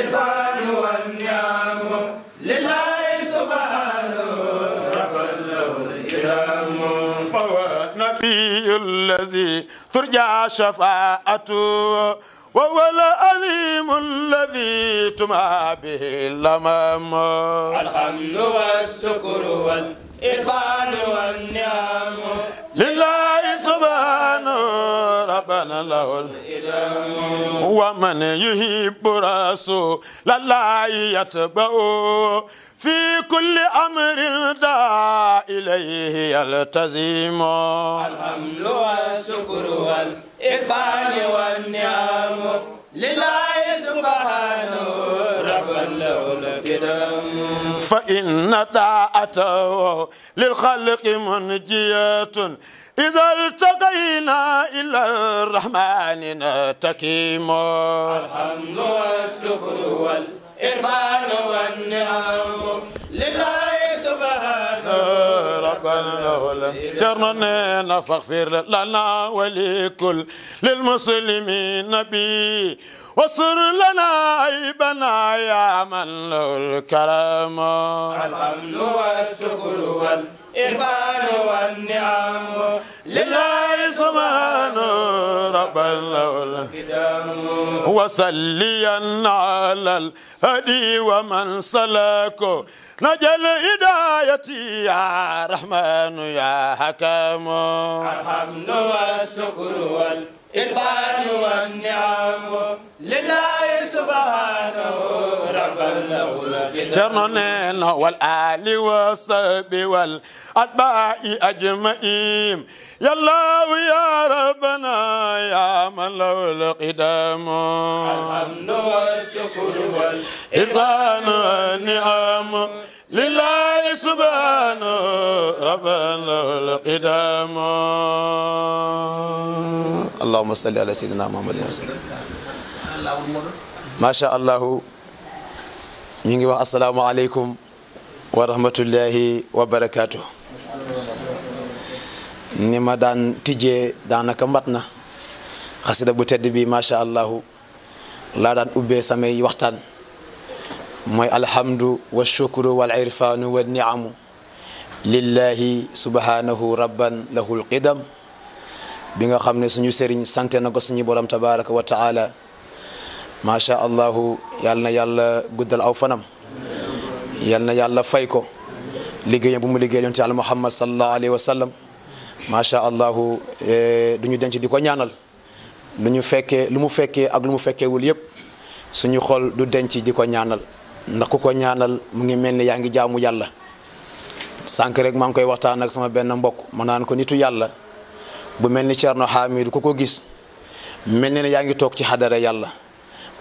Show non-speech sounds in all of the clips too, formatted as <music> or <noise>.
الإرفان والنعم لله سبحانه رب له الإرام فهو نبي الذي ترجى شفاعته وهو العظيم الذي تمع به الأمم الحمد والشكر والحمد الفان والنعم لله سبحانه ربنا له الإلام ومن يحب رسول الله يتبعه في كل أمر دعا إليه يلتزم الحمد والشكر والإرفان والنعم لله سبحانه ربا لولا كدام فإن طاعته للخلق منجية إذا التقينا إلى الرحمن نتكيم الحمد والشكر والإرفان والنعم لله شرنا لنا فاغفر لنا ولكل للمسلمين نبي وصر لنا عيبنا يا من له الكرم الحمد والشكر والإرفان والنعم لله بلغ وصليا على الهدي ومن سلكه نجل هدايتي يا رحمن يا حكم الحمد والشكر والحمد الفان والنعم لله سبحانه رفع له الجنن والآل والصحب والأتباع أجمعين يا الله يا ربنا يا من له القدام الحمد والشكر والإرفان والنعم لله سبحانه ربنا القدام اللهم صل على سيدنا محمد وسلم ما شاء الله نيجي السلام عليكم ورحمة الله وبركاته ni ma daan tijjee daanaka mat na xasida bu tedd bi macha allah laa daan ubbee samay waxtaan mooy alhamdu wa shukru wal irfaanu wa niamu lillahi subhanahu rabban lahul qidam bi nga xam ne suñu sëriñ sante na ko suñu borom tabaraka wa taala macha allahu yal na yàlla guddal aw fanam yal na yàlla fay ko liggéeyam bu mu liggéey yonte yàlla muhammad salallahu alayhi wa sallam macha allahu du ñu denc di ko ñaanal lu ñu fekkee lu mu fekkee ak lu mu fekkeewul yëpp suñu xol du denc di ko ñaanal ndax ku ko ñaanal mu ngi mel ni yaa ngi jaamu yàlla sànq rek maa ngi koy waxtaan ak sama benn mbokk ma naan ko nitu yàlla bu mel ni Thierno Hamidou ku ko gis mel ni ne yaa ngi toog ci xadara yàlla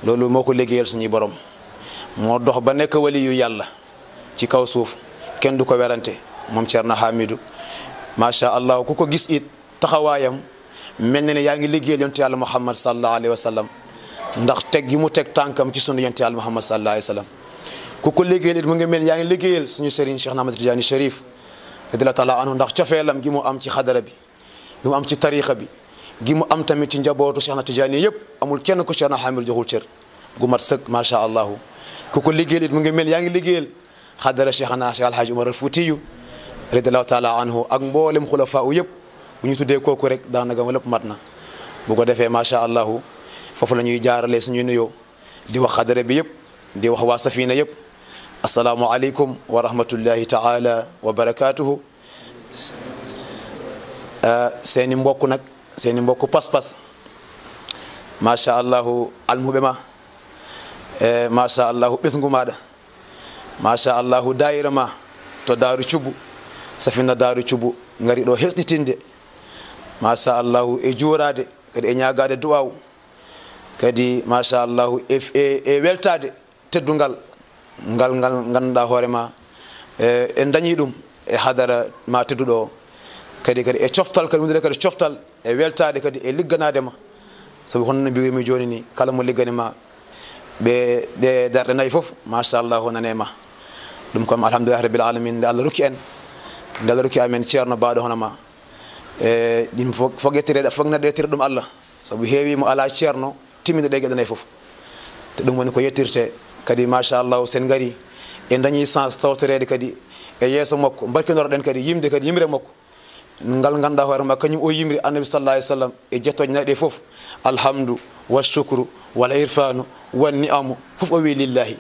loolu moo ko liggéeyal suñuy borom moo dox ba nekk wali yàlla ci kaw suuf kenn du ko werante moom Thierno Hamidou macha allah ku ko gis it taxawaayam mel na ne yaa ngi liggéeyal yontu yàlla Muhammad sallallahu alayhi wa sallam ndax teg gi mu teg tànkam ci sunu yontu yàlla Muhammad sallallahu alayhi wa sallam ku ko liggéeyal it mu ngi mel yaa ngi liggéeyal suñu sëriñ Cheikh Ahmad Tidiane Chérif radiyallahu taala anhu ndax cofeelam gi mu am ci xadara bi gi mu am ci tarixa bi gi mu am tamit ci njabootu Cheikh Ahmad Tidiane yëpp amul kenn ku Cheikh na Hamid joxul cër gu mat sëkk macha allah ku ko liggéeyal it mu ngi mel yaa ngi liggéeyal xadara Cheikh na Cheikh Alhaji Umar al Fuutiyu radiyallahu taala anhu ak mboolem xulafaa yëpp bu ñu tuddee kooku rek daanaka lépp mat na bu ko defee macha allah foofu la ñuy jaarale suñuy nuyoo di wax xadara bi yëpp di wax waa safina yëpp assalamu aleykum wa rahmatullahi taala wa barakatuhu uh, seeni mbokku nag seeni mbokku paspas machallahu almuɓe ma e eh, machallahu ɓesgu maɗa machallahu dayira ma to daru cubbu safinna daru cubbu gari ɗo hesɗitinde machallahu e juurade kadi e ñagade duwaw kadi machallahu e, e, e weltade teddugal ngal ngal ngannduɗa hoorema e, en dañi ɗum e hadara ma tedduɗo o kadi kadi e coftal kadi wondire kadi coftal e weltade kadi e ligganadema sabu honno mbiwimi joni ni kala mo ligganima ɓe ɗe darɗe nayyi foof machallahu nanema ɗum kam alhamdulillah rabbil alamin nde allah rokki en nde allah rokki amen ceerno mbaɗo hono ma e ɗim foguettireɗe fognede ettire ɗum allah saabu heewimo ala ceerno timmide ɗe gueɗe nayyi foof te ɗum woni ko yettirte kadi machallahu sen gari en dañi sens tawtorede kadi e yeeso makko den kadi yimde kadi yimre makko ngal ganda hore makko kañum o yimri annabi sallallahu alaihi wasallam e jettoje de fof alhamdu walchukru wal irfanu wal niamu fof o wi lillahi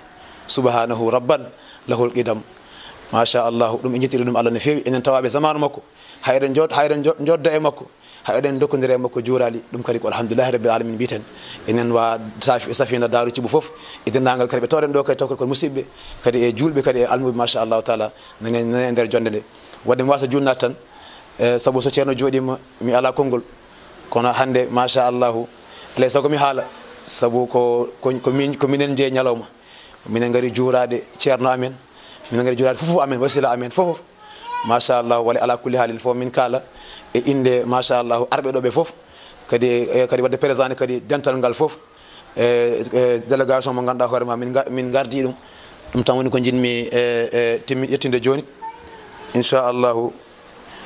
subhanahu rabban lahul qidam machallahu ɗum e jettiri ɗum allah no fewi enen tawaɓe zamanu makko hayre jod hayre jodda e makko hay oɗen dokkondiri e makko juurali ɗum kadi ko alhamdulillahi rabbil alamin mbiten enen wa safina daru cibo foof e dendagal kadi ɓe tawɗen ɗo kadi tawkata kon musidɓe kadi e julɓe kadi e almuɓe machallahu taala nane e nder jonde nde wadde mi wasa junnat tan saabu so ceerno jooɗima mi ala konngol kono hannde machallahu alay saago mi haala saabu ko ko minen jeeyi ñalawma minen ngari juurade ceerno amen minen ngari juurade fof amen wasila amen fofof machallahu wala ala kulli haalin fof min kaala e inde machallahu arɓeɗoɓe foof kadi e, kadi wadde présenté kadi dental ngal foof e, e délégation mo ganduɗa hoore ma min gardi ɗum ɗum tan woni ko jinmi e, e timmi ƴettinde joni inchallahu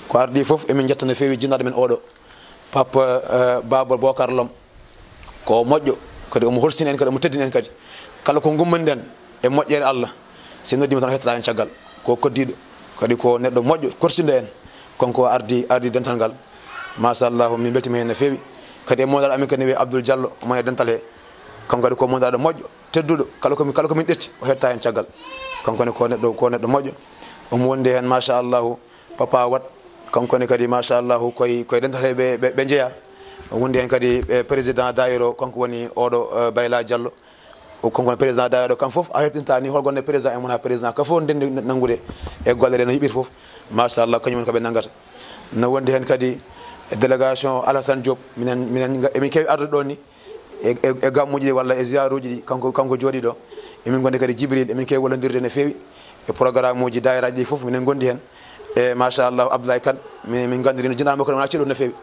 ko ardi foof emin jettano fewi jinnaɗo men oɗo pape babol bocar lom ko moƴƴo kadi omo horsini en kadi omo teddini en kadi kala ko gummaniɗen e moƴƴere allah si noddima tan hettata hen caggal ko koddiɗo kadi ko neɗɗo moƴƴo korsinde en konko ardi ardi dental ngal machallah min beltima hen no fewi kadi e mondal amin kadi wi abdoul diallo omo e dental he kanko kadi ko mondaɗo moƴƴo tedduɗo kala komi kala komin ɗetti o hetta hen caggal kankone ko neɗɗo ko neɗɗo moƴƴo omo wondi hen machallahu papa wat kankone kadi machallahu koy koye dental he ɓe ɓe jeeya wondi hen kadi président dayir o kanko woni oɗo eh, bayla diallo konkon président daweɗo kam foof a heptinta ni holgonde président e mon président ka foof ndendi nanngude e gollere ɗe no yiɓiri foof machallah kañumen koɓe nanggata no wondi hen kadi délégation alassane diop minen minen emin kewi arde ɗo ni e gammuji ɗi walla e, e-, e uji ɗi e kanko kanko jooɗi ɗo emin gondi kadi jibril emin kewi wallodirde no fewi e programme uji dayiraji ɗi foof minen gondi hen e machallahu abdoulaye kane min gandirino jinanmo kono wona ceeɗu no fewi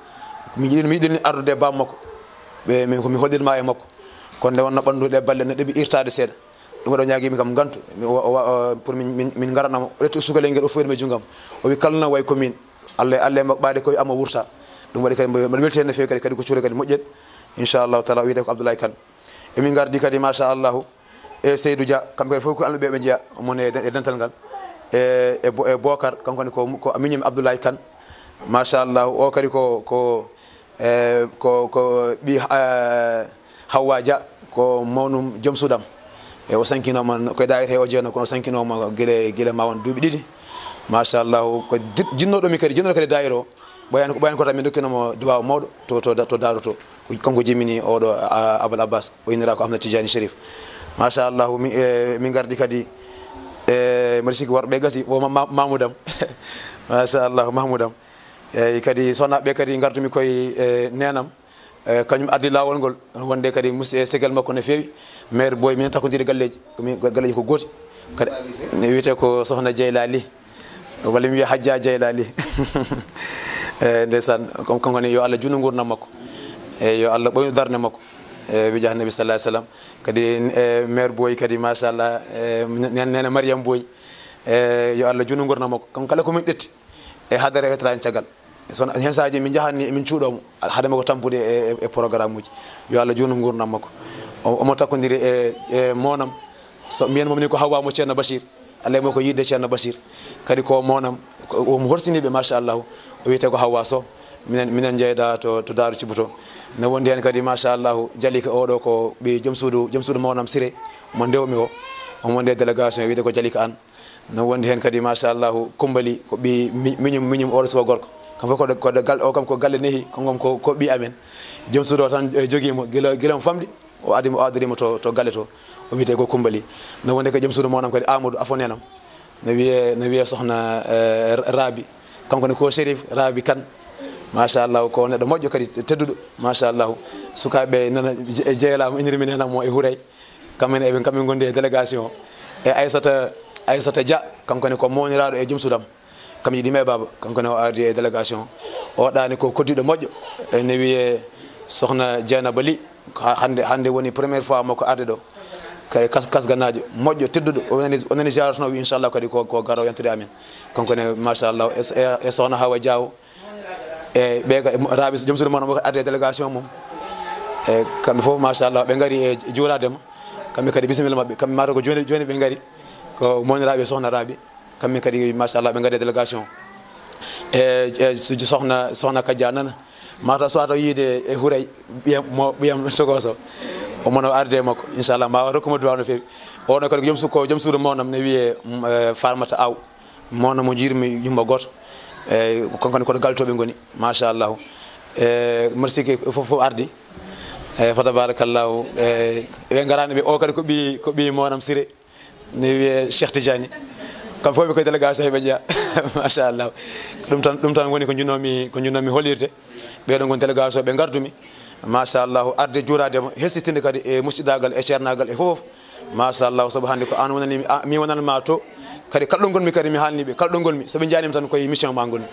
mi jiɗino mi yiɗini ardude e bammakko ɓe min komi hollitma e makko konde wonno ɓannduɗe balle no ɗeɓi irtade seeɗa ɗum aɗo ñaguimi kam gantu pour min garanama retti sugalel ngel o fo ma junggam o wi kalana way commun allah allah ɓaade koye ama wurta ɗum waɗi kadi mbaɗa welti hen no fewi kadi kadi ko cuure kadi moƴƴen inchallahu taala o wiyete ko abdoulaye kane emin gardi kadi machallahu e seydou dia kamɓe kadi foof ko alɓe ɓeɓe jeeya mon e, e dental ngal ee bocar e kanko kadi ko miñomi abdoulaye kane machallahu o kadi ko ko e, ko ko ɓi hawa dia ko mawnum joom suudam e o sankinoma koye he o jeeno kono sankinoma gele gele ma won duuɓi ɗiɗi machallahu ko jinnoɗomi kadi jinnoɗo kadi dayir o ɓoyani ko ɓoyani ko tan min dokkinomo duwaw mawɗo to to daaro to kanko jimini oɗo abal abbas o innira ko ahmad tidiani shérif machallahu min e, gardi kadi e mbiɗa sikki worɓe gasi o mamoudam machallahu mahmoudam <laughs> eyyi kadi sownaɓeɓe kadi gardumi koye e, nenam Eh, kañum addi laawol ngol wonde kadi musi e eh, segal makko no feewi maire boy min takkodiri galleji galleji ko gooti kadi ne wiyete ko sohna dieylaa ly walla mi wiya hajja dieylaa ly <laughs> e eh, ndeysan comme kankone yo allah juutno nguurnam makko e yo allah ɓoyno darde makko e wiiia nabi salah sallam kadi e maire boy kadi machallah nene mariame boy e yo allah juutno nguurnam makko kanko kala komin ɗetti e hadare wetrani caggal son hen sahaji min jahanni min cuuɗomo haadema ko tampude e, e programme uji yo allah joni gurdam makko omo takkodiri e e monam so mbiyen mom ko hawwamo ceerno bachir allah mo ko yidde ceerno bachir kadi ko monam omo horsiniɓe machallahu o wiyete ko hawwa so minen minen jeyda to to daaru cibuto ne wondi hen kadi machallahu jali ka oɗo ko ɓe joom suudu joom suudu monam siré mo ndewmi o omo wonde délégation e wiyde ko jali ka an ne wondi hen kadi machallahu kumbali ko ɓi miñum miñum oɗo suka gorko kam fof koɗo koɗo gal o kam ko galle ko kongom ko ko ɓi amen joom suudo tan joguimo guila guilam famɗi o adimo o adorimo to to galle to o wiyete ko kumbali no wonde ko joom suudo nam kadi amadou afonenam no wiye no wiye sohna raabi kanko ne ko sérif raabi kane machallahu ko neɗɗo moƴƴo kadi tedduɗo machallahu sukaɓe nana jeeyalama eh, eh, inirmin henamo e huuray kammen eɓe kamɓe gondi e délégation o e eh, aissata aissata dia kankone ko mawniraɗo e joom suudam kam yiɗime baba kankone o ardi e délégation oɗani ko koddiɗo moƴƴo ene wiye sohna dieyna bali hande hande woni première fois makko arde ɗo kay kasganajo moƴƴo tedduɗo onani jaratno wi inchallah kadi ko ko garo yentude amen kankone machallah e, e, e sohna hawa diawo e ɓega e rabis joom suudu mano arde délégation mum e kamɓe foof machallah ɓe gari e juuradema kamɓe kadi bisimilla mabɓe kamɓe mata ko joni joni ɓe gari ko moñoraɓe sohna raɓe kamɓe kadi machallah ɓe gaari délégation e eh, e eh, sohna sohna kadia nana mataw sowata yiide e eh, huuray ɓiyam mo ɓiyam togoso omono arde makko inchallah mbawa rokkuma duwa no fewi oɗo oh, kadi joom ko joom suudu mawnam ne wiiye farmata aw mawna mo jirmi yumma goto eyyi konkone koto galtoɓe gooni machallahu e merci que foof foof ardi e fa tabarakallahu e ɓe garani ɓe o oh, kadi ko ɓi ko ɓi mawnam siré ne wiye cheikh tidiani kam fof ɓe koye délégage heɓe ƴeya <laughs> machallah ɗum tan ɗum tan woni ko jinomi ko jinomi holirde ɓeɗo gon délégage o ɓe gardumi machallahu arde juuradema hesitinde kadi e musidagal e ceernagal e fof machallahu saabu hannde ko an wonanimi mi wonanma to kadi kala ɗolgolmi kadi mi haalniɓe kala ɗolgolmi soɓe jaanimi tan koye mission ma golmi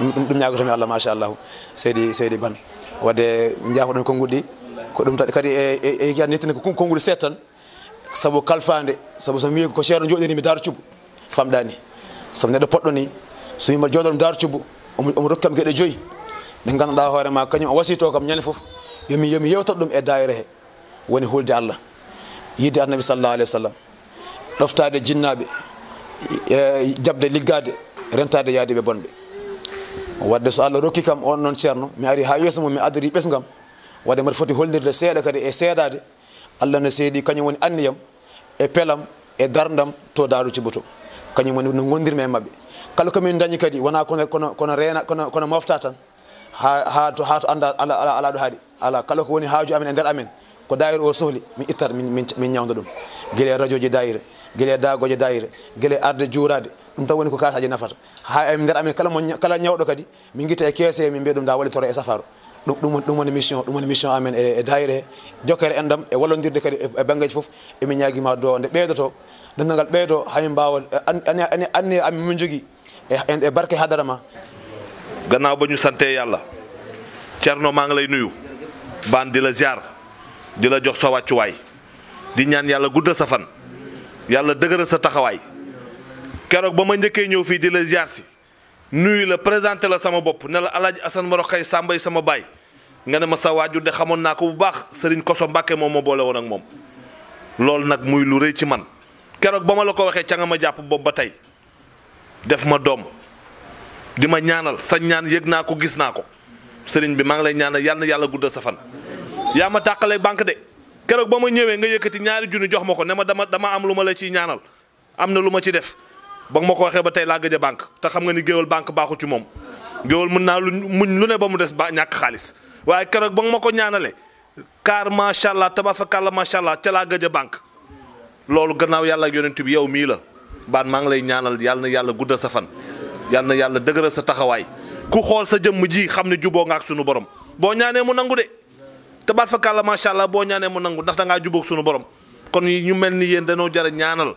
ɗum ñagotomi allah machallahu seydi seydi ban wadde jafoɗon konguɗɗi ko ɗum tan kadi e jaa e, e, jettinde ko konguɗi seeɗa tan saabu kalfade saabu so wiyi ko ceero joɗinimi daro cubu famɗani somi neɗɗo poɗɗo ni so wima jooɗo ɗum darcubu omo rokkam gueɗe joyyi ɗe ganduɗa hoorema kañum o wasiyto kam ñande foof yomi yomi yewtoto ɗum e dayre he woni hulde allah yidde annabi sallallah alah w sallam ɗoftade jinnaɓe e, jabde liggade rentade yaadeɓe bonɓe wadde so allah rokki kam on noon ceerno mi ari ha yeeso mum mi adori ɓesgam wadde mbaɗa foti hollirde seeɗa kadi e seeɗade allah ne seeɗi kañum woni anniyam e pelam e darndam to daru cuɓoto kañum woni no gondirmi e mabɓe kala komin dañi kadi wona kono kono kono reena kono kono mofta tan ha ha to ha to anda ala ala ala do haaɗi ala kala ko woni haaju amen e nder amen ko dayre o sohli min ittat min ñawda ɗum guila radio ji dayre guila dagoje dayre guila arde juurade ɗum tan woni ko kasaji nafata ha e nder amen kala mo kala ñawɗo kadi min guita e keese min mbiya ɗum da wallitoro e safaro ɗum ɗum woni mission ɗum woni mission amen e dayre he jokkere enɗam e, e. e, e wallodirde kadi e banggueji foof emin ñaguima do nde ɓeydoto dendagal ɓeydo hay eh, ani ani am min jogi e, e barke hadarama ma gannaaw ba ñu sante yàlla cerno maa nuyu ban dila ziar dila jox so waccu way di ñaan yalla guddal sa fan yalla dëgëral sa taxaway kérok bama ma ñëw fii di ziar ci nuyu la présenter la sama bop. ne la alaaji asan marokay sambay sama bay. nga ne ma sa waju de xamoon naa ko bu baax serigne koso mbàkke moom ma boole ak mom lol nak muy lu rëy ci man kérok bama ma la ko waxee nga ma def ma dom dima ñaanal sa ñaan yëg ko gis na ko sëriñ bi ma ngi lay ñaanal yàlla yalla yàlla guddal sa fan ya ma takalé bank dé kérok bama ñëwé nga yëkëti ñaari jox mako dama dama am luma la ci ñaanal am luma ci def ba ma ko waxee ba tey bank gëj bank banque xam nga ni géwal bank baaxu ci mom géwal mëna lu muñ lu né ba mu des ba ñak xaalis waye kérok ba nga ma ko car allah ma sha allah ci la gëjë bank loolu gannaaw yàlla ak yonent bi yow mii la baat maa ngi lay ñaanal yàlla na yàlla guddal sa fan yàlla na yàlla dëgëral sa taxawaay ku xool sa jëmm ji xam ne juboo nga ak sunu borom boo ñaanee mu nangu de tabaat fa kàlla macha allah boo ñaanee mu nangu ndax da ngaa jubóog sunu borom kon ñu mel ni yéen dañoo jar ñaanal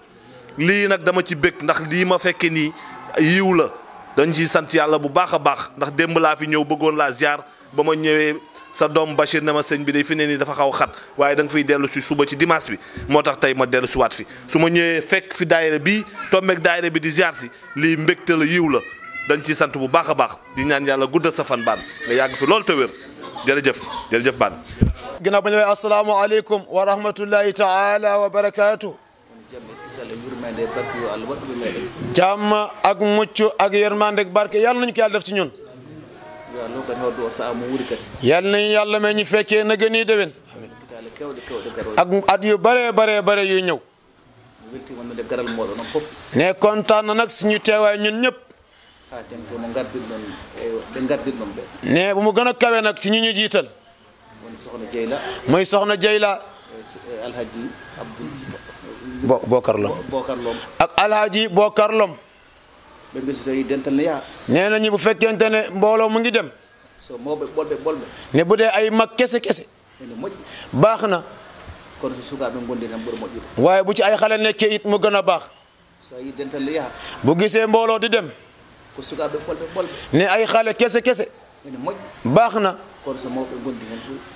lii nag dama ci bëgg ndax lii ma fekke nii yiw la dañ ciy sant yàlla bu baax a baax ndax démb laa fi ñëw bëggoon laa ziar ba ma ñëwee sa doom Bachir ne ma sëñ bi day fi ne nii dafa xaw xat waaye da nga fiy dellu si suba ci dimanche bi moo tax tey ma dellu si waat fi su ma ñëwee fekk fi daayira bi tombeeg daayira bi di ziar si lii mbégte la yiw la dañ ciy sant bu baax a baax di ñaan yàlla guddal sa fan baan nga yàgg fi loolu te wér jërëjëf jërëjëf baan ginnaaw ba ñu waxee asalaamaaleykum wa rahmatullahi taala wa barakaatu jàmm ak mucc ak yërmande barke yàlla nañu ko yàlla def ci ñun yal nañu yàlla may ñu fekkee na gën yi ak at yu bare bare bare yuy ñëw ne kontaan na nag suñu teewaay ñun ñëpp ne mu gën a kawe nag ci ñi ñu jiital muy soxna Jeyla alhaji Abdou Bokar Lom ak alhaji Bokar Lom nee nañu bu fekkente ne mbooloo mu ngi dem. ne bu dee ay mag kese kese. baax na. waaye bu ci ay xale nekkee it mu gën a baax. bu gisee mbooloo di dem. ne ay xale kese kese. baax na.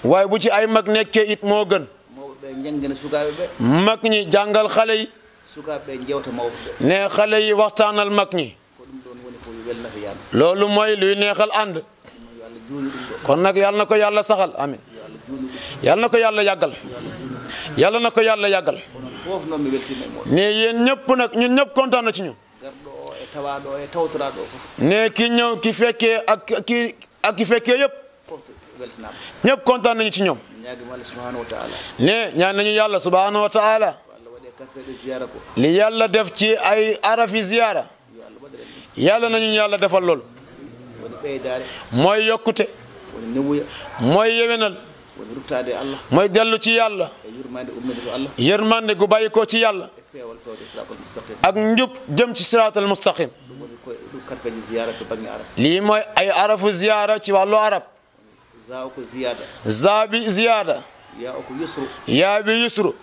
waaye bu ci ay mag nekkee it moo gën. mag ñi jàngal xale yi. ne xale yi waxtaanal mag ñi. loolu mooy luy neexal ànd kon nag yàlla na ko yàlla saxal amin yàlla na ko yàlla yàggal yàlla na ko yàlla yàggal ne yéen ñëpp nag ñun ñëpp kontaan na ci ñu ne ki ñëw ki fekke ak ki ak ki fekkee yëpp ñëpp kontaan nañu ci ñoom ne ñaan nañu yàlla subhanahu wa li yàlla def ci ay arafi ziyaara yàlla nañu yàlla defal lool mooy yokkute mooy yewenal mooy dellu ci yàlla yërmande gu bàyyi ko ci yàlla ak njub jëm ci siraatal mustaqim lii mooy ay arafu ziyaara ci wàllu arab zaa bi ziyaada yaa bi yusru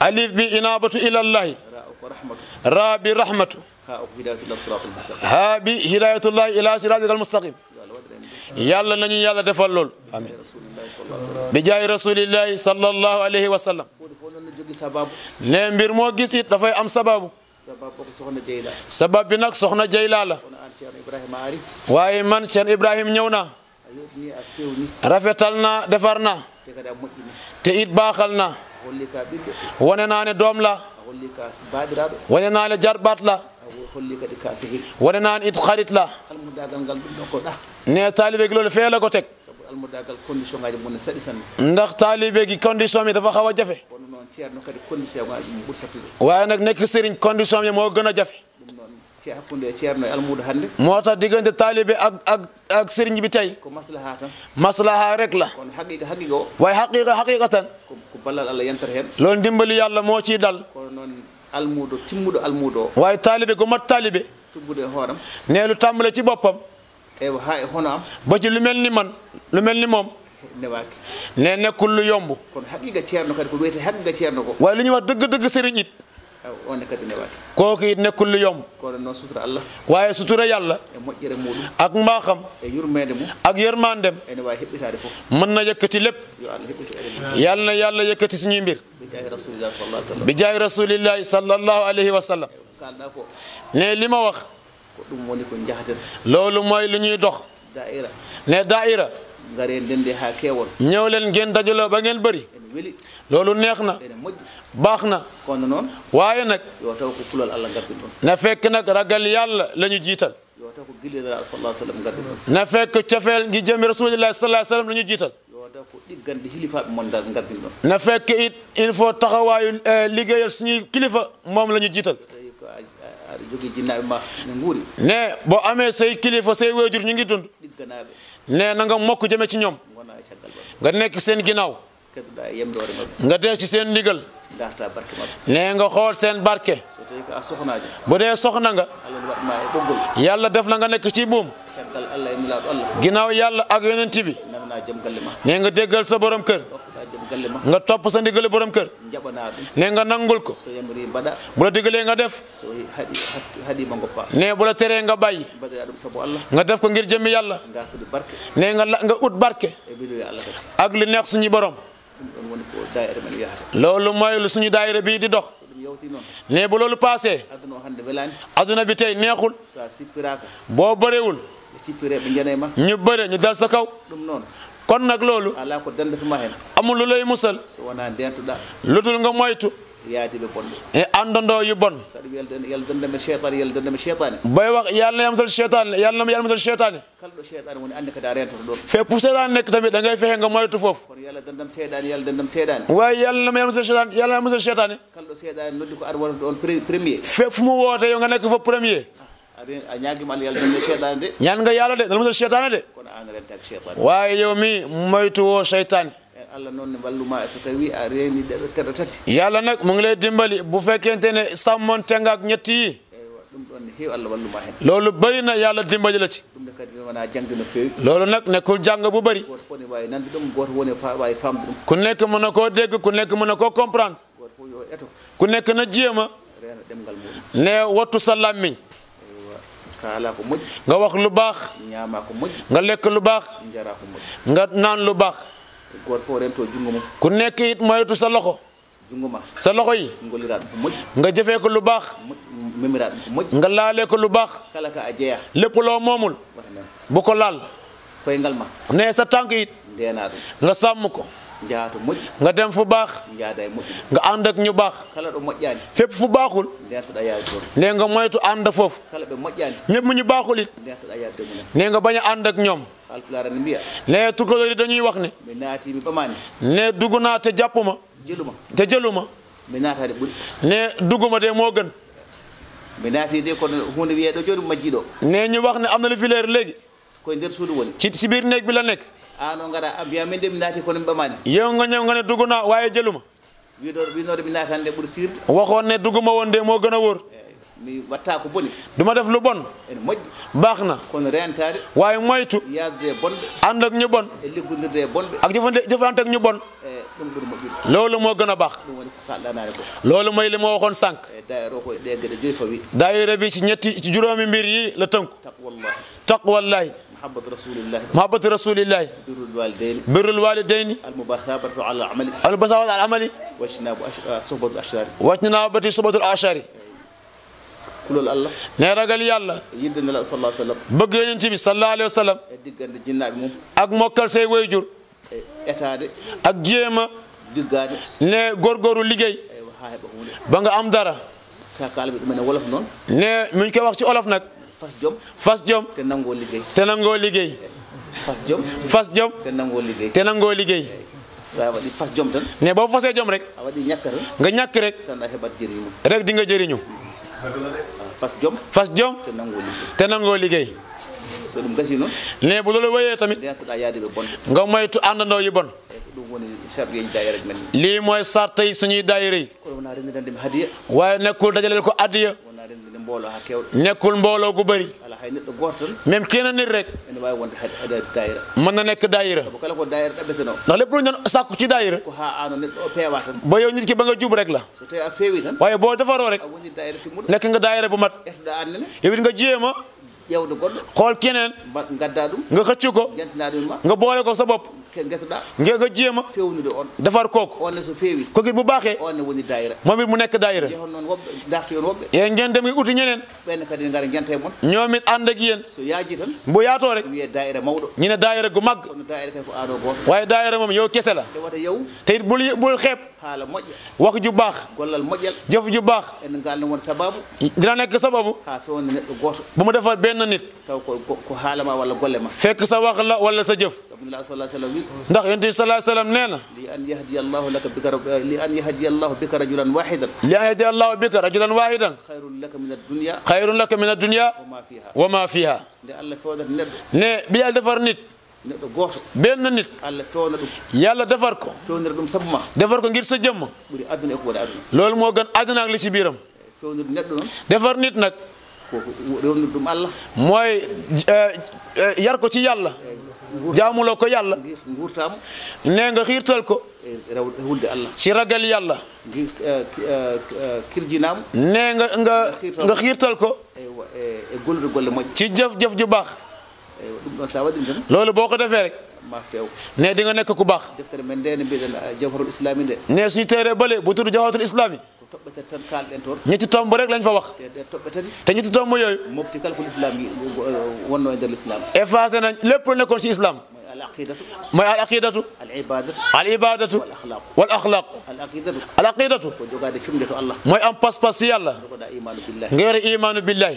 alif bi inaabatu ilallahi ورحمته ربي رحمته ها بهداية الله إلى صراطك المستقيم يلا نني يلا دفل لول امين بجاي رسول الله صلى الله عليه وسلم ne mbir moo gis it dafay am sababu sabab bi nag soxna Jeyla la waaye man Cheikh Ibrahim ñëw naa rafetal naa defar naa te it baaxal naa wane naa ne doom la wonanaale jarɓat la wonanan it harit la ne taalibe gi loolu feela ko teg almudagal condition ngaji mum ne saɗi sanne ndax taalibe gi condition mi dafa xaw a jafe kono noon ceerno kadi condition ngaji mum ɓuuri sattude waaye nag nekk sëriñ condition mi moo gën a jafe ɗum noon ce hakkunde ceerno e almuda hannde moo tax diggante taalibe ak ak ak sëriñ bi tey ko maslaha tan maslaha rek la kono haqiqa haqiqa o waaye haqiqa haqiqa tan loolu ndimbalu yàlla moo ciy dal almuudo timmuɗo almuudo o wawi taalibe ko mat taalibe tubbude e hooram ne lu tàmbale ci boppam eyi ha e hono am ba ci lu mel ni man lu mel ni moom newaki ne nekkul lu yomb kono haqiqa ceerno kadi ko wiyete haqiqa ceerno ko wawi lu ñuy wax dëgg dëgg sëriñ it كوكي نكل يوم واي سوتورا يالا اك ما خم اك يرمان دم من يكتي لب يالنا يالا يكتي سني مير بجاه رسول الله صلى الله عليه وسلم ني لما وخ لولو موي لي ني دوخ دائره ني دائره gare ndende ha kewol ñëw leen ngeen dajaloo ba ngeen bëri loolu neex na baax na kono noon waaye nag yo taw ko kulal allah gardi ɗon na fekk nag ragal yàlla la ñu jiital yo taw ko gilleɗa sallah sallam gardi ɗon na fekk cofeel ngi jëmi rasulillahi sallah sallam la ñu jiital yo taw ko ɗiggande hilifaɓe mon gardi ɗon na fekk it il faut taxawaayu euh, liggéeyal suñu kilifa moom la ñu jiital aɗa jogui ma ne boo ne bo amee say kilifa say weejur ñu ngi dund digganaɓe ne na nga mokk jëme ci ñoom gona e caggal nga nekk seen ginnaaw keddoɗa e nga dee ci seen ndigal darta barke ne nga xool seen barke so tawi ko a sohnajo bu dee soxna nga allah yàlla def na nga nekk ci buum ginnaaw yàlla ak yonent bi namna joom galle ma ne nga déggal sa borom kër nga topp sa ndigali borom kër ne nga nangul ko bu la digalee nga def ne bu la teree nga bàyyi nga def ko ngir jëmmi yàlla ne nga nga ut barke ak li neex suñu borom loolu mooy lu suñu daayira bii di dox ne bu loolu paasee adduna bi tey neexul boo bërewul ñu bëre ñu dal sa kaw kon nag loolu ala ko danda tuma hen amul lu lay musal so wona dentuɗa lutul nga moytu yaadiɓe bonɓe e andondo yu bon saɗa wiya yalla dandame cheytane yalla dandame cheytane yam sal cheytane yalnama yalma sal cheytane kalɗo cheytane nga moytu foof kono yalla dandam seyɗane yalla dandam seyɗane way yalnama yalma sal cheytane yalnama sal cheytane kalɗo seyɗane ko ar wonata ɗon premier feppu mo woote yo nga nekk fo premier ah. a ñaagima eh, allah yalla dañde nga yo de no musal cheytane de kono an rentak cheytane wawi yo mi moytuwo cheytane a reeni ɗeɗo mo ngi lay dimbali bu fekkentene sammontengak ñetti yi ɗum eh, ɗon ne heewi allah walluma hen loolu bari na yallah dimbali la ci ɗum ne kadi wona jangde no feewi loolu bu bari goto fof ne wawi nande ɗum goto woni wawi famde ɗum ku nekk mën na koo dégg ku nekk mën na koo comprendre goto fof yo eto ku nekk na jiyama reeno ɗemgal ne wattu sa kaalaa ko mujj nga wax lu baax ñaamaa ko mujj nga lekk lu baax njaraa ko nga naan lu baax goor fo remtoo junguma ku nekk it moytu sa loxo junguma sa loxo yi ngoliraat nga jëfee ko lu baax memiraat ko nga laale ko lu baax kala ka a jeeya lépp loo moomul bu ko laal koy ma nee sa tànk it nga sàmm ko jaato moƴƴi nga dem fu baax jaada e moƴƴi nga ànd ak ñu baax kala ɗo moƴƴani fépp fu baaxul ndetoɗa yaade toon nde nga moytu ànd foofu kala ɓe moƴƴani ñëpp ñu baaxul it ndetoɗa yaade ne nga bañ a ànd ak ñoom alpulaar ne mbiya ne dañuy wax ne mi naati mi ɓamani ne dugg naa te jàppuma jëluma te jëluma mi naataade ɓuri ne dugguma de moo gën mi naati de kono hunde wiye ñu wax ne am na leer léegi koye nder suudu woni si biir néeg bi la nekk an ah, o gara a ah, mbiya min de mi naati kono mi ɓamani yew gañew gane duguna wawi jeeluma wiɗo winode mi naatan nde ɓuuri sirde wakon ne duguma wonde mo gën a wóor eh, mi watta ko boni duma def lu bon ene moƴƴi baax na kono rentade wawi moytu yaadude e ànd ak ñu bon e liggodirde e bonɓe ak jëfande jëfante ak ñu bon e ɗum ɓuuri moƴƴude loolu moo gën a baax ɗum woni ko kalɗanare ko loolu moy li ma waxoon sànq eh, o koye ɗe gueɗe joyi fawi dayre bi ci ñetti ci juróomi mbir yi la tënku taqwallahi taqwallahi محبة رسول الله محبة رسول الله بر الوالدين بر الوالدين المثابرة على العمل المثابرة على العمل واجتناب صحبة الأشرار واجتناب صحبة الأشرار kulol allah ne ragal yàlla yidde na la sallallahu alayhi wa sallam bëgg yonent bi sallallahu alayhi wa sallam diggante jinna ak moom ak mokkal say wayjur étaade ak jéema diggaade ne góorgóoru liggéey ba nga am dara takal bi dum ne wolof noonu ne mu ñu koy wax ci olof nag fas jom fas jom. te nangoo liggéey te nangoo liggéey. fas jom fas jom. te nangoo liggéey te nangoo liggéey. ça veut dire fas jom tan ne boo fasee jom rek. ça veut dire rek. nga ñàkk rek. rek di nga jëriñu. fas jom fas jom. te nangoo liggéey te nangoo liggéey. so ɗum gasi ne bo lolu waye tamit ndeyatuɗa yaade bon nga moytu andando yi bon ɗum woni sarɗeji dayiraji men li moy sartay suñuy dayira yi kono wona rendirande mi nekkul dajalel ko adiya nekkul mbooloo gu bëri même keena nit rek mën na nekk daayira ndax lépp lu ñu doon sàkku ci daayira ba yow nit ki ba nga jub rek la waaye boo defaroo rek nekk nga daayira bu mat yow nga jéem a xool keneen nga xëcc ko nga boole ko sa ngega jéema defar kooku ko git bu baaxee moom it mu nekk daayira yéen ngeen dem uti ñeneen ñoom it ànd ak yéen bu yaatoo rek ñu ne daayira gu mag waaye daayira moom yow kese la te it bul bul xeeb wax ju baax jëf ju baax dina nekk sababu ba mu defar benn nit fekk sa wax la wala sa jëf ndax yonent bi sallallahu alayhi wa sallam nee na li an yahdiya allahu laka bika li rajulan wahidan li an laka min ad wa ma fiha ne allah fewdat defar nit benn nit yàlla defar ko defar ko ngir sa jëmm loolu moo gën adduna ak li ci biiram defar nit nag mooy yar ko ci yàlla jaamuloo ko yàlla nee nga xiirtal ko eh, ci ragal yàlla eh, eh, nee nga nga nga xiirtal ko ci jëf-jëf ju baax loolu boo ko defee rek nee di nga nekk ku baax nee suñu téere bale bu tudd jawharatul islami toɓɓe tan kalɗen toon ñetti tombo rek lañ fa wax toɓɓe tati te ñetti tombo yooyu mofti kala ko l'islam wonno e nder l'islam effacé nañ lépp lu nekkoon si islam العقيدة ما العقيدة العبادة العبادة والأخلاق والأخلاق العقيدة العقيدة ما أم باس باس يلا غير إيمان بالله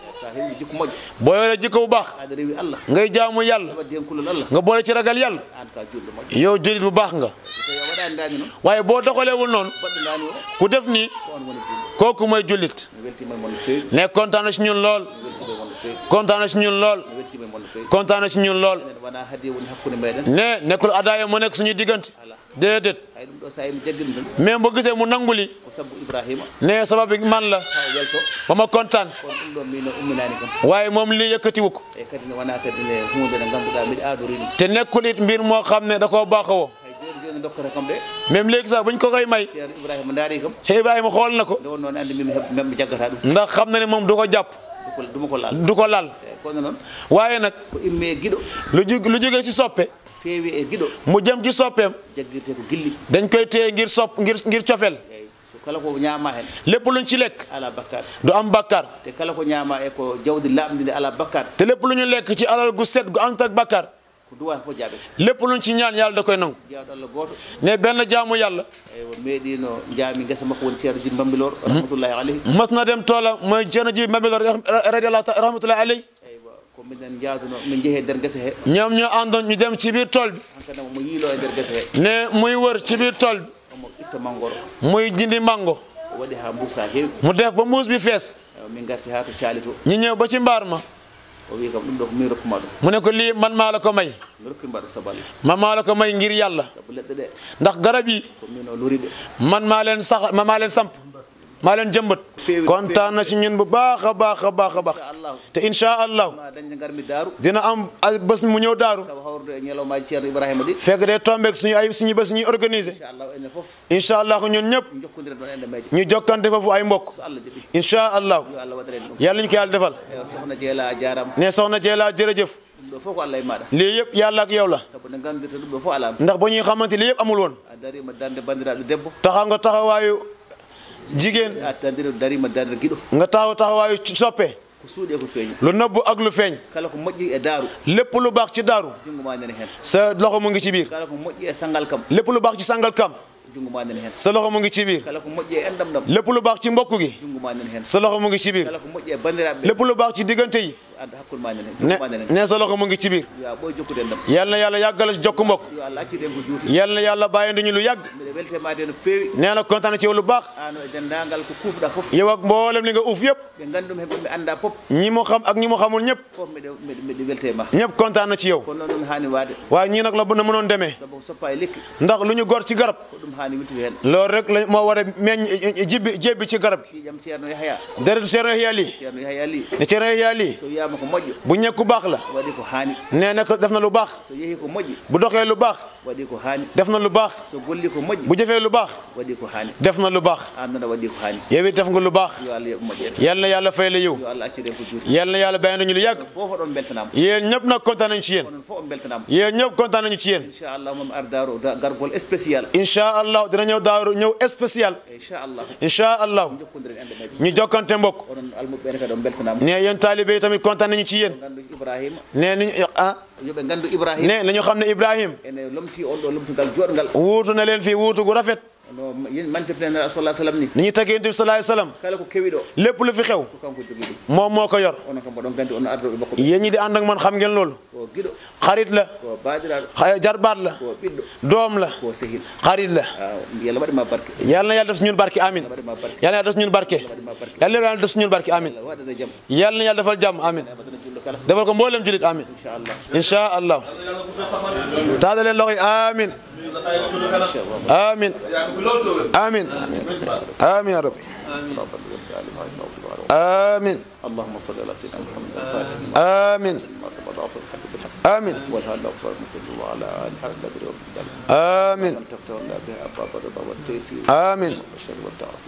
boo yoree jikko bu baax ngay jaamu yàlla nga boole ci ragal yàlla yow jullit bu baax nga waaye boo doxaleewul noonu ku def nii kooku mooy jullit ne kontaan na si ñun lool kontaan na si ñun lool kontaan na si ñun lool ne nekkul adaaya moo nekk suñu déedéet mais boo gisee mu nanguli nee sabab bi man la ba ma kontaan waaye moom lii yëkkatiwu ko te nekkul it mbir moo xam ne da koo baaxoo même léegi sax buñ ko koy may te Ibrahima xool na ko ndax xam na ne moom du ko jàpp du ko laal kono noon waaye nag ko imme e giɗo lu jug lu jógee ci soppe e mu jëm ci soppeem jaggirte ko gilli dañ koy téye ngir sopp ngir ngir cofel kala ko ñaama hen lépp luñ ci lekk ala du am bakkaar te kala ko ñaama e ko jawdi laamdinde ala bakkaar te lépp lu lekk ci alal gu set gu ànd ak bakkaar ko duwa fof lépp luñ ci ñaan yàlla da koy nangu jaaɗo allah gooto ne benn jaamu yàlla eywa meeɗino jaami ngesa makko woni ceerno jibi mbambilor hmm? rahmatullahi dem toola mooy ceerno jibi mbambilor radiallah rahmatullahi aleyhi ñoom ñoo àndoon ñu dem ci biir tool bi ne muy wër ci biir tool bi muy jindi mango mu def ba muus bi fees ñu ñëw ba ci mbaar ma mu ne ko lii man maa la ko may man maa la ko may ngir yàlla ndax garab yi man maa leen sax man maa leen samp maa leen jëmbat kontaan na ci bu baax a baax a baax a baax te incha allahu dina am bés mu ñëw daaru fekk dee tombeeg suñu ay suñu bés ñuy organiser incha allahu ñun ñëpp ñu jokkante foofu ay mbokk incha allahu yàlla ñu ko yàlla defal ne soxna Jeela jërëjëf lii yëpp yàlla ak yow la ndax ba ñuy xamante lii yëpp amul woon ah, taxa nga jigéen nga taxaw taxawaayu soppe lu nëbbu ak lu feeñ e lépp lu baax ci daaru sa loxo mu ngi ci biir e lépp lu baax ci sangal kam sa loxo mu ngi ci biir e lépp lu baax ci mbokk gi sa loxo mu ngi ci biir lépp lu baax ci diggante yi ne sa loxo mu ngi ci ya yal na yàlla yàggal jokk mbokk ya, yal na yàlla bàyyi nañu lu yag nee na kontaan ci lu baax yow ak mboolem li nga uuf yëpp ñi mu xam ak ñi mu xamul ñëpp ñëpp kontaan na ci yow waaye ñii nag la ndax lu gor ci garab rek la moo war a meññ eh, eh, ci garab deretu Ceerno Yahya Li ne Yahya Li waɗama ko moƴƴo bu ñekk ku baax la waɗi ko haani nee na ko lu baax so ko moƴƴi bu doxee lu baax waɗi na lu baax so golli ko moƴƴi bu jëfee lu baax waɗi na lu baax an nana waɗi ko haani yow it def nga na yàlla fay la yow yal na yàlla bàyyi nañu lu yàgg foofu ɗon beltanama yéen ñëpp nag kontaan nañu ci yéen foof on beltanama yéen ci yéen inchallah moom ñu jokkante mbokk ne yéen taalibe tamit kontaan kontaan nañu ci yéen nee nañu ah nee nañu xam ne Ibrahima wuutu na leen fii wuutu gu rafet man tefnena sallallahu alaihi wasallam ni ni fi xew moom moo ko yor yéen ñi di ànd ak man xam ngeen loolu xarit la jarbaat la doom la xarit la ah, yàlla na yàlla def suñu barke amin yàlla na yàlla def suñu barke yàlla na yàlla def suñu barke amin yàlla na yàlla defal jàmm amin defal ko mboolem julit amin insha allah taadaleen loxoy amin آمين آمين آمين يا رب آمين اللهم صل على سيدنا محمد الفاتح آمين آمين والهال أصفر مستجد وعلى آل حال النبي آمين آمين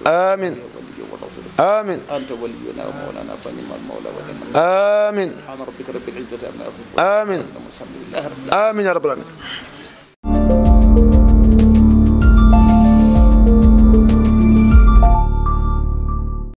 آمين آمين أنت ولينا ومولانا فنعم المولى ونعم آمين سبحان ربك رب العزة عما يصفون آمين آمين يا رب العالمين